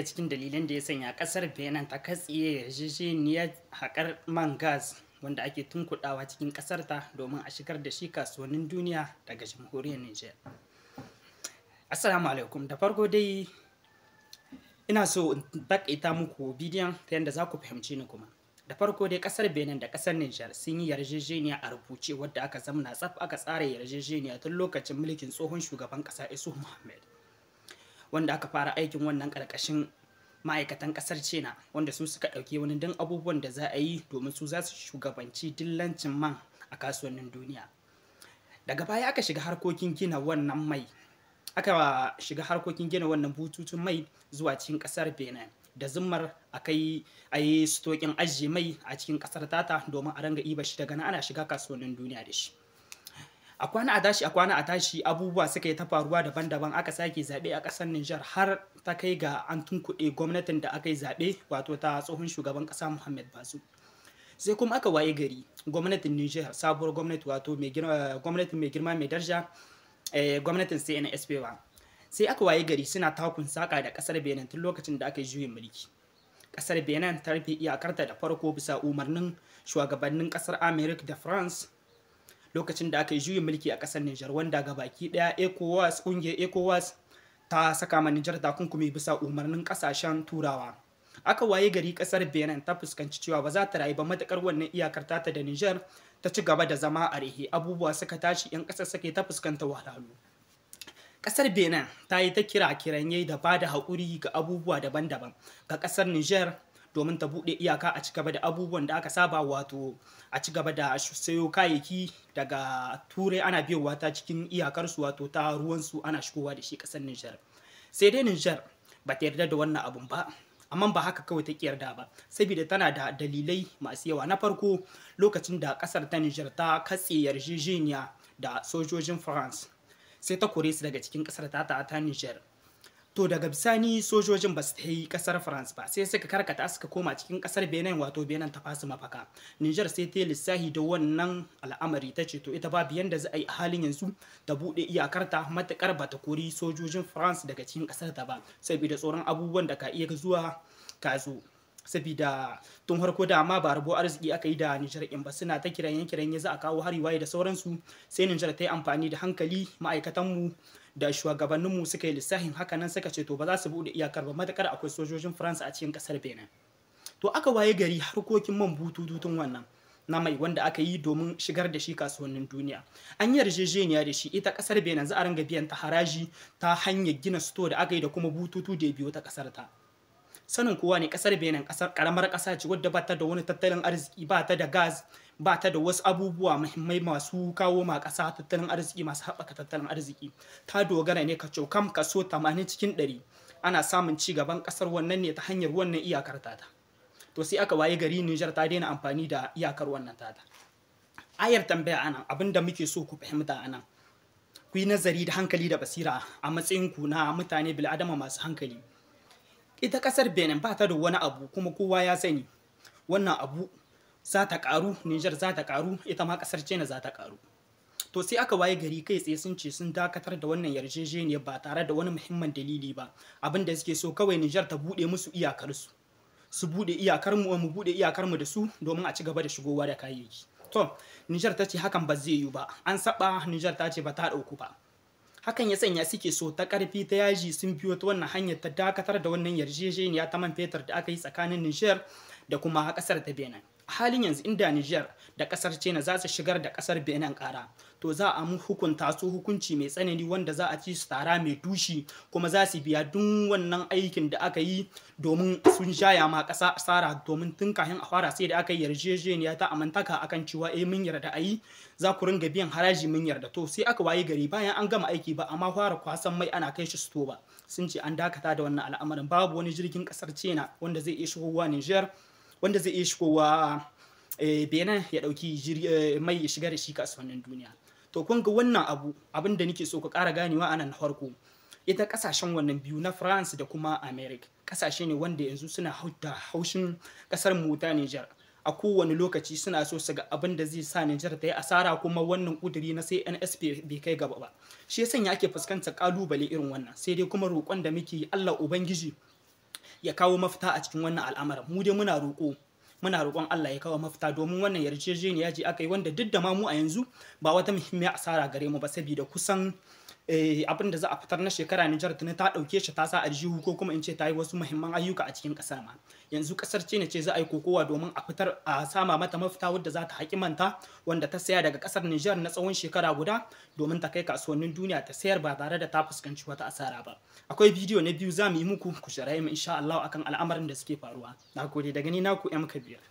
daga cikin dalilan da ya sanya kasar benin ta katsiye yarjejeniyar haƙar man gas wanda ake tunkuɗawa cikin ƙasar ta domin a shigar da shi kasuwannin duniya daga jamhuriyar niger assalamu alaikum da farko dai ina so in takaita muku bidiyon ta yadda za ku fahimci ni kuma da farko dai kasar benin da kasar niger sun yi yarjejeniya a rubuce wadda aka zamana tsaf aka tsara yarjejeniya tun lokacin mulkin tsohon shugaban ƙasa isu muhammad wanda aka fara aikin wannan karkashin ma'aikatan kasar china wanda su suka ɗauki wani dan abubuwan da za a yi domin su za su shugabanci dillancin man a kasuwannin duniya daga baya aka shiga harkokin gina wannan mai aka shiga harkokin gina wannan bututun mai zuwa cikin kasar benin da zimmar a kai a yi stokin ajiye mai a cikin kasar tata domin a ranga iba shi daga nan ana shiga kasuwannin duniya da shi a kwana a tashi a kwana a abubuwa suka yi ta faruwa daban-daban aka sake zaɓe a ƙasar Nijar har ta kai ga an tunkuɗe gwamnatin da aka yi zaɓe wato ta tsohon shugaban ƙasa Muhammad Bazu. sai kuma aka waye gari gwamnatin Nijar sabuwar gwamnati wato gwamnatin mai girma mai darja eh, gwamnatin CNSP ba sai aka waye gari suna takun saka da ƙasar Benin tun lokacin da aka yi juyin mulki kasar Benin ta rufe iyakarta da farko bisa umarnin shugabannin ƙasar America da France lokacin da aka yi juyin mulki a ƙasar Nijar wanda ga baki ɗaya ECOWAS ƙungiyar ECOWAS ta saka ma Nijar takunkumi bisa umarnin ƙasashen Turawa. Aka waye gari ƙasar Benin ta fuskanci cewa ba za ta rayu ba matuƙar wannan iyakar tata da Nijar ta ci gaba da zama a rehe abubuwa suka tashi 'yan ƙasar suke ta fuskanta wahalhalu. Ƙasar Benin ta yi ta kira kiran yayi da ba da haƙuri ga abubuwa daban-daban ga ƙasar Nijar domin ta buɗe iyaka a ci gaba da abubuwan da aka saba wato a ci gaba da sayo kayayyaki daga turai ana biyowa ta cikin iyakarsu wato ta ruwansu ana shigowa da shi ƙasar Nijar. Sai dai Nijar ba ta yarda da wannan abun ba amma ba haka kawai ta yarda ba saboda tana da dalilai masu yawa na farko lokacin da kasar ta Niger ta katse yarjejeniya da sojojin France sai ta kore su daga cikin kasar ta ta Niger to daga bisani sojojin ba su ta yi kasar france ba sai suka karkata suka koma cikin kasar benin wato benin ta fasu mafaka niger sai ta yi lissahi da wannan al'amari ta ce to ita babu da za a yi a halin yanzu ta buɗe iyakarta matukar ba ta kori sojojin france daga cikin kasar ta ba saboda tsoron abubuwan da ka iya zuwa ka zo sabida tun harko da ma ba rabo arziki aka yi da niger in ba suna ta kiranye kiranye za a kawo hari waye da sauransu sai niger ta yi amfani da hankali ma'aikatanmu da shugabanninmu suka yi lissahin haka nan suka ce to ba za su buɗe iyakar ba matakar akwai sojojin faransa a cikin kasar benin to aka waye gari harkokin man butututun wannan na mai wanda aka yi domin shigar da shi kasuwannin duniya an yi yarjejeniya da shi ita kasar benin za a ringa biyan ta haraji ta hanyar gina sto da aka yi da kuma bututu da biyo ta kasar ta sanin kowa ne kasar benin kasar karamar kasa ce wadda ba ta da wani tattalin arziki ba ta da gas ba ta da wasu abubuwa muhimmai masu kawo ma ƙasa tattalin arziki masu haɓaka tattalin arziki ta dogara ne ka cokam kam kaso 80 cikin ɗari. ana samun ci gaban ƙasar wannan ne ta hanyar wannan iyakar tata to sai aka waye gari Nijar ta daina amfani da iyakar wannan tata ayar tambaya anan abinda muke so ku fahimta anan ku yi nazari da hankali da basira a matsayin ku na mutane bil'adama masu hankali ita ƙasar benin ba ta da wani abu kuma kowa ya sani wannan abu za ta karu Niger za ta karu ita ma kasar China za ta karu to sai aka waye gari kai tsaye sun ce sun dakatar da wannan yarjejeniya ba tare da wani muhimman dalili ba abin da suke so kawai Niger ta bude musu iyakarsu su bude iyakar mu mu bude iyakar mu da su domin a ci gaba da shigowa da kayayyaki to Niger ta ce hakan ba zai yiwu ba an saba Niger ta ce ba ta dauku ba hakan ya sanya suke so ta karfi ta yaji sun biyo ta wannan hanyar ta dakatar da wannan yarjejeniya ta man fetur da aka yi tsakanin Niger da kuma kasar ta Benin halin yanzu inda Niger da kasar China za su shigar da kasar Benin kara to za a mu hukunta su hukunci mai tsanani wanda za a ci su tara mai dushi kuma za su biya duk wannan aikin da aka yi domin sun shaya ma kasa asara domin tun kafin a fara sai da aka yi yarjejeniya ta amantaka akan cewa eh mun yarda a yi za ku ringa biyan haraji mun yarda to sai aka waye gari bayan an gama aiki ba amma fara kwasan mai ana kai shi sto ba sun ce an dakata da wannan al'amarin babu wani jirgin kasar China wanda zai iya shigowa Niger wanda zai iya shigowa eh, benin ya dauki eh, mai ya shiga da shi kasuwannin duniya to kun ga wannan abu abin da nake so ka ƙara ganewa a nan farko ita kasashen wannan biyu na france da kuma america kasashe ne wanda yanzu suna da haushin kasar mota niger a kowane lokaci suna so su ga abin da zai sa niger ta yi asara kuma wannan kuduri na sai nsp bai kai gaba ba shi sanya ake fuskantar kalubale irin wannan sai dai kuma roƙon da muke allah ubangiji ya kawo mafita a cikin wannan al'amarin mu dai muna roƙo muna roƙon Allah ya kawo mafita domin wannan yarjejeniya ji aka wanda duk da ma mu a yanzu ba wata muhimmiyar asara gare mu ba saboda kusan Eh, abin da za a fitar na shekara Nijar tuni ta ɗauke shi ta sa aljihu ko kuma in ce ta yi wasu muhimman ayyuka a cikin ƙasar ma yanzu kasar ce ce za a yi kokowa domin a fitar a sama mata mafita wadda za ta hakimanta wanda ta saya daga kasar Nijar na tsawon shekara guda domin ta kai kasuwannin duniya ta sayar ba tare da ta fuskanci wata asara ba akwai bidiyo na biyu za mu yi muku ku shiraye mu insha Allah akan al'amarin da suke faruwa na gode daga ni naku M Kabir